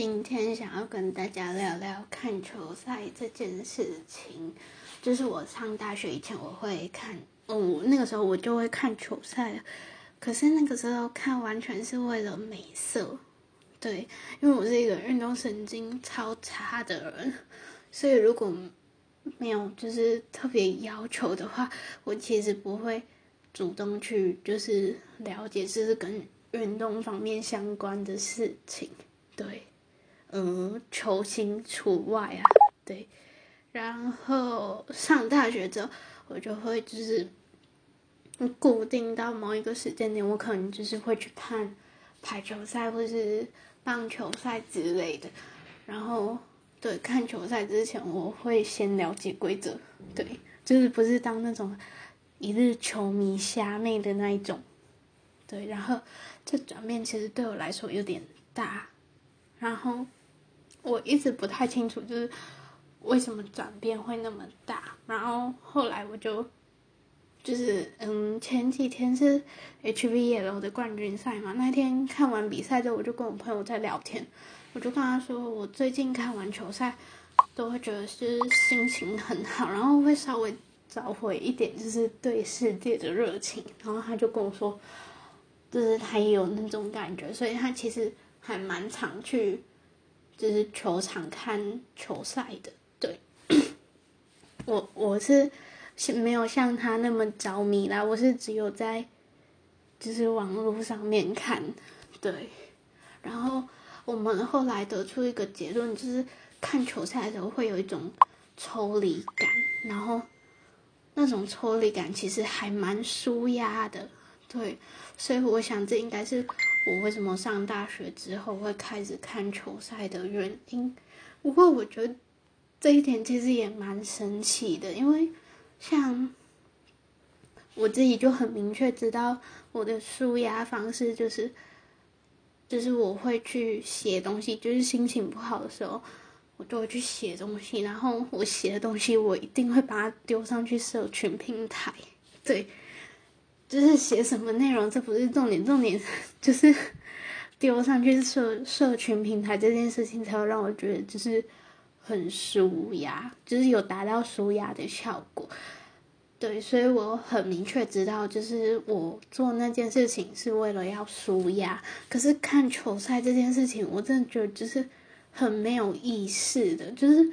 今天想要跟大家聊聊看球賽這件事情，就是我上大學以前，我會看，哦、嗯，那個時候我就會看球賽，可是那個時候看完全是為了美色，對，因為我是一個運動神經超差的人，所以如果沒有就是特別要求的話，我其實不會主動去就是了解，就是跟運動方面相關的事情，對。嗯，球星除外啊，對。然後上大學之後，我就會就是固定到某一個時間點，我可能就是會去看排球賽或是棒球賽之類的。然後，對，看球賽之前，我會先了解規則，對，就是不是當那種一日球迷蝦妹的那一種。對，然後這轉變其實對我來說有點大，然後。我一直不太清楚，就是為什麼轉變會那麼大。然後後來我就，就是嗯，前幾天是 HVL 的冠軍賽嘛。那天看完比賽之後，我就跟我朋友在聊天，我就跟他說，我最近看完球賽都會覺得就是心情很好，然後會稍微找回一點就是對世界的熱情。然後他就跟我說，就是他也有那種感覺，所以他其實還蠻常去。就是球場看球賽的，對 我我是沒有像他那麼着迷啦，我是只有在就是網絡上面看，對。然後我們後來得出一個結論，就是看球賽的時候會有一種抽離感，然後那種抽離感其實還蠻舒壓的，對。所以我想這應該是。我為什麼上大學之後會開始看球賽的原因。不過我覺得這一點其實也蠻神奇的，因為像我自己就很明確知道我的舒壓方式就是，就是我會去寫東西，就是心情不好的時候，我就會去寫東西，然後我寫的東西我一定會把它丟上去社群平台，對。就是寫什麼內容，這不是重點，重點就是丟上去社社群平台這件事情，才會讓我覺得就是很舒壓，就是有達到舒壓的效果。對，所以我很明確知道，就是我做那件事情是為了要舒壓。可是看球賽這件事情，我真的覺得就是很沒有意思的，就是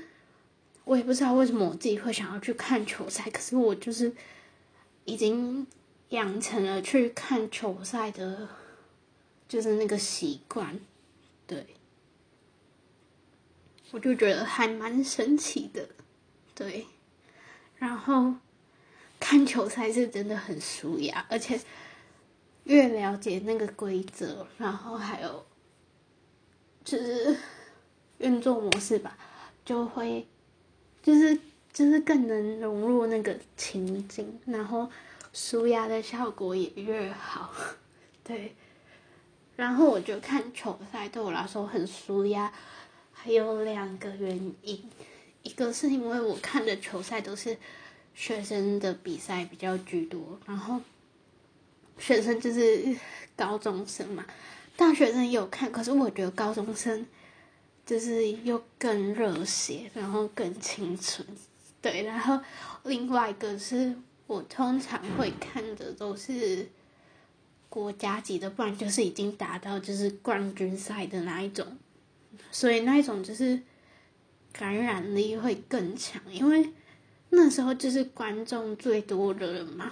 我也不知道為什麼我自己會想要去看球賽，可是我就是已經。養成了去看球賽的，就是那個習慣，對，我就覺得還蠻神奇的，對。然後看球賽是真的很紓壓，而且越了解那個規則，然後還有就是運作模式吧，就會就是就是更能融入那個情景，然後。紓壓的效果也越好，對。然後我就看球賽，對我來說很紓壓，還有兩個原因，一個是因為我看的球賽都是學生的比賽比較居多，然後學生就是高中生嘛，大學生也有看，可是我覺得高中生就是又更熱血，然後更青春，對。然後另外一個是。我通常會看的都是國家級的，不然就是已經達到就是冠軍賽的那一種，所以那一種就是感染力會更強，因為那時候就是觀眾最多的人嘛，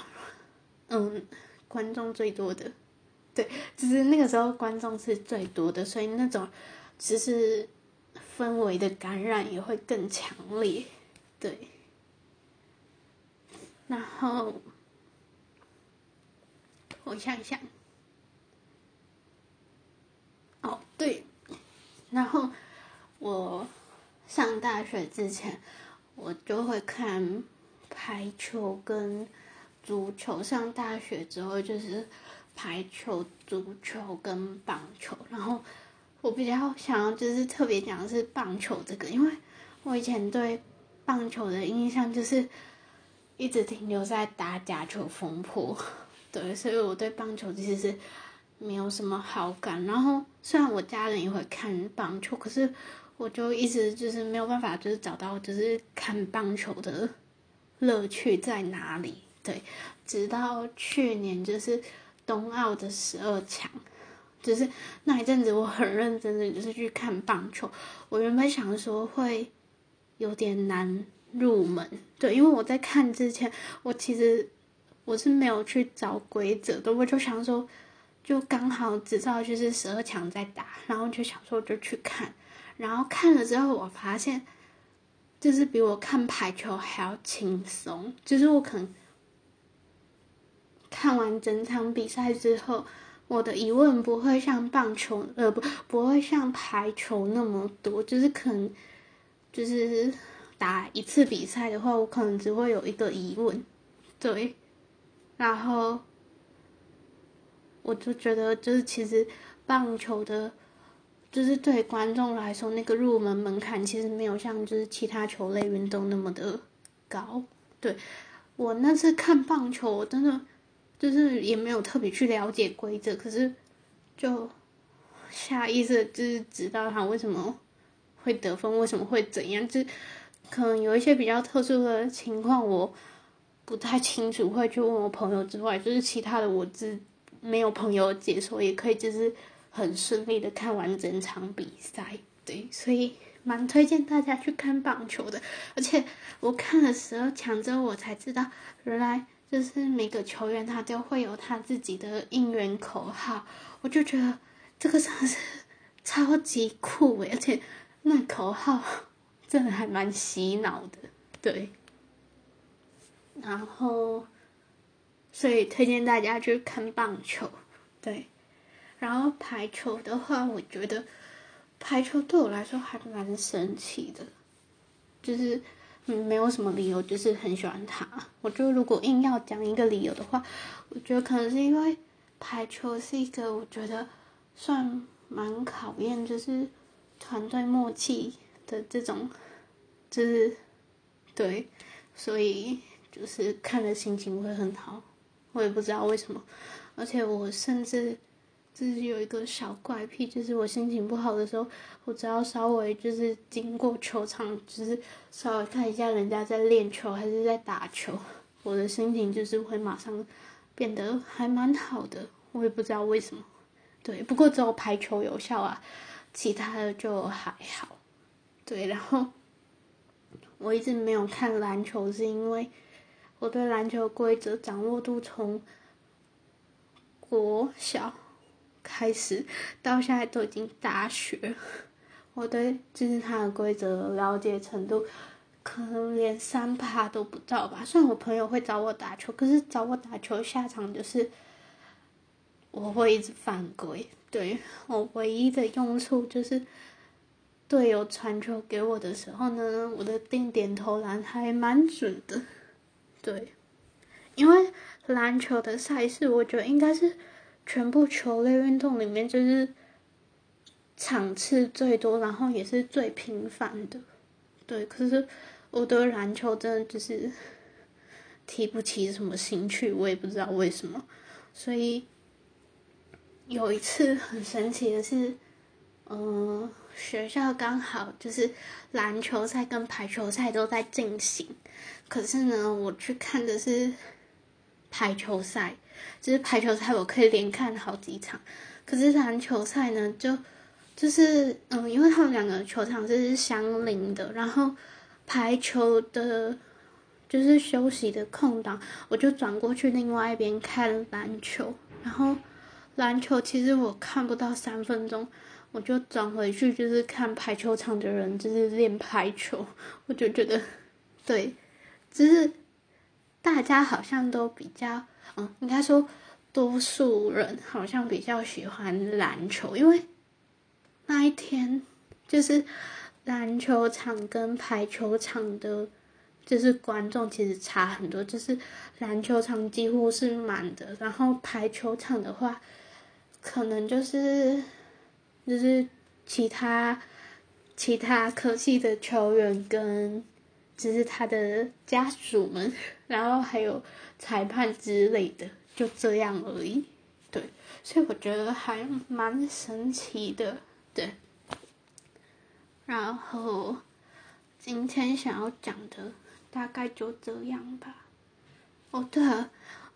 嗯，觀眾最多的，對，就是那個時候觀眾是最多的，所以那種其實氛圍的感染也會更強烈，對。然後我想想，哦、oh, 對，然後我上大學之前我就會看排球跟足球，上大學之後就是排球、足球跟棒球。然後我比較想要，就是特別講的是棒球這個，因為我以前對棒球的印象就是。一直停留在打假球風波，對，所以我對棒球其實是沒有什麼好感。然後雖然我家人也會看棒球，可是我就一直就是沒有辦法，就是找到就是看棒球的樂趣在哪裡。對，直到去年就是冬奧的十二強，就是那一陣子我很認真的就是去看棒球。我原本想說會有點難。入門。對，因為我在看之前，我其實我是沒有去找規則的，我就想說，就剛好知道就是十二強在打，然後就想說就去看，然後看了之後，我發現就是比我看排球還要輕鬆，就是我可能看完整場比賽之後，我的疑問不會像棒球，呃，不，不會像排球那麼多，就是可能就是。打一次比賽的話，我可能只會有一個疑問，對，然後我就覺得就是其實棒球的，就是對觀眾來說那個入門門檻其實沒有像就是其他球類運動那麼的高。對，我那次看棒球，我真的就是也沒有特別去了解規則，可是就下意識就是知道他為什麼會得分，為什麼會怎樣，就。可能有一些比較特殊的情況，我不太清楚，會去問我朋友之外，就是其他的我自沒有朋友解說，也可以就是很順利的看完整場比賽，對，所以蠻推薦大家去看棒球的。而且我看的時候搶着，我才知道原來就是每個球員他都會有他自己的應援口號，我就覺得這個真的是超級酷誒、欸，而且那口號，真的還蠻洗腦的，對。然後，所以推薦大家去看棒球，對。然後排球的話，我覺得排球對我來說還蠻神奇的，就是嗯，沒有什麼理由，就是很喜歡它。我就如果硬要講一個理由的話，我覺得可能是因為排球是一個我覺得算蠻考驗，就是團隊默契。的這種，就是對，所以就是看的心情會很好，我也不知道為什麼。而且我甚至自己有一個小怪癖，就是我心情不好的時候，我只要稍微就是經過球場，就是稍微看一下人家在練球還是在打球，我的心情就是會馬上變得還蠻好的，我也不知道為什麼。對，不過只有排球有效啊，其他的就還好。對，然後我一直沒有看籃球，是因為我對籃球規則掌握度，從國小開始到現在都已經大學，我對就是它的規則了解程度可能連三趴都不到吧。雖然我朋友會找我打球，可是找我打球下場就是我會一直犯規。對，我唯一的用處就是。隊友傳球給我的時候呢，我的定點投籃還蠻準的。對，因為籃球的賽事，我覺得應該是全部球類運動裡面就是場次最多，然後也是最頻繁的。對，可是我對籃球真的就是提不起什麼興趣，我也不知道為什麼。所以有一次很神奇的是，嗯、呃。學校剛好就是籃球賽跟排球賽都在進行，可是呢，我去看的是排球賽，就是排球賽我可以連看好幾場，可是籃球賽呢，就就是嗯，因為他們兩個球場是相鄰的，然後排球的，就是休息的空檔，我就轉過去另外一邊看籃球，然後籃球其實我看不到三分鐘。我就轉回去，就是看排球場的人，就是練排球。我就覺得，對，只是大家好像都比較，嗯，應該說多數人好像比較喜歡籃球，因為那一天就是籃球場跟排球場的，就是觀眾其實差很多。就是籃球場幾乎是滿的，然後排球場的話，可能就是。就是其他其他科技的球員跟只、就是他的家屬們，然後還有裁判之類的，就這樣而已。對，所以我覺得還蠻神奇的。對，然後今天想要講的大概就這樣吧。哦對、啊，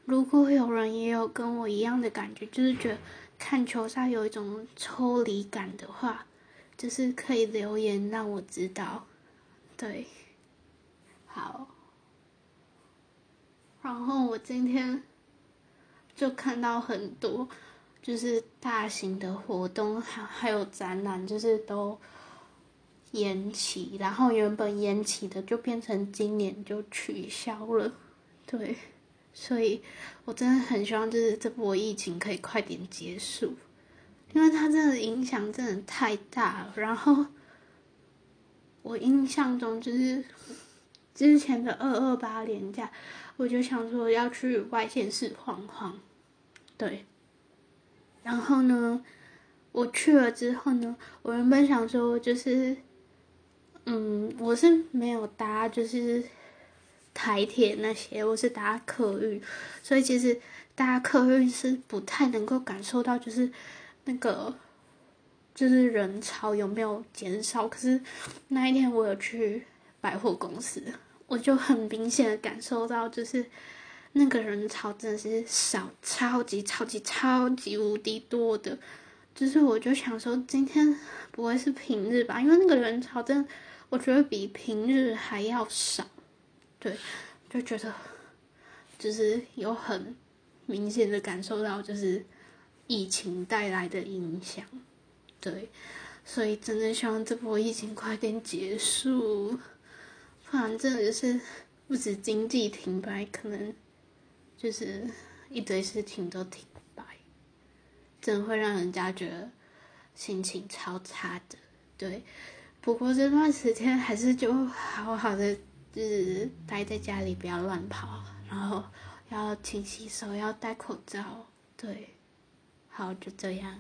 如果有人也有跟我一樣的感覺，就是覺得。看球賽有一種抽離感的話，就是可以留言讓我知道，對。好。然後我今天就看到很多，就是大型的活動，還還有展覽，就是都延期，然後原本延期的就變成今年就取消了，對。所以，我真的很希望就是這波疫情可以快點結束，因為它真的影響真的太大了。然後，我印象中就是之前的二二八連假，我就想說要去外縣市晃晃，對。然後呢，我去了之後呢，我原本想說就是，嗯，我是沒有搭，就是。台鐵那些，我是搭客運，所以其實搭客運是不太能夠感受到，就是那個就是人潮有沒有減少。可是那一天我有去百貨公司，我就很明顯的感受到，就是那個人潮真的是少，超級超級超級無敵多的。就是我就想說，今天不會是平日吧？因為那個人潮真的，我覺得比平日還要少。對，就覺得就是有很明顯的感受到，就是疫情帶來的影響。對，所以真的希望這波疫情快點結束，反正就是不止經濟停擺，可能就是一堆事情都停擺，真的會讓人家覺得心情超差的。對，不過這段時間還是就好好的。就是待在家裡，不要亂跑，然後要勤洗手，要戴口罩，對，好，就這樣。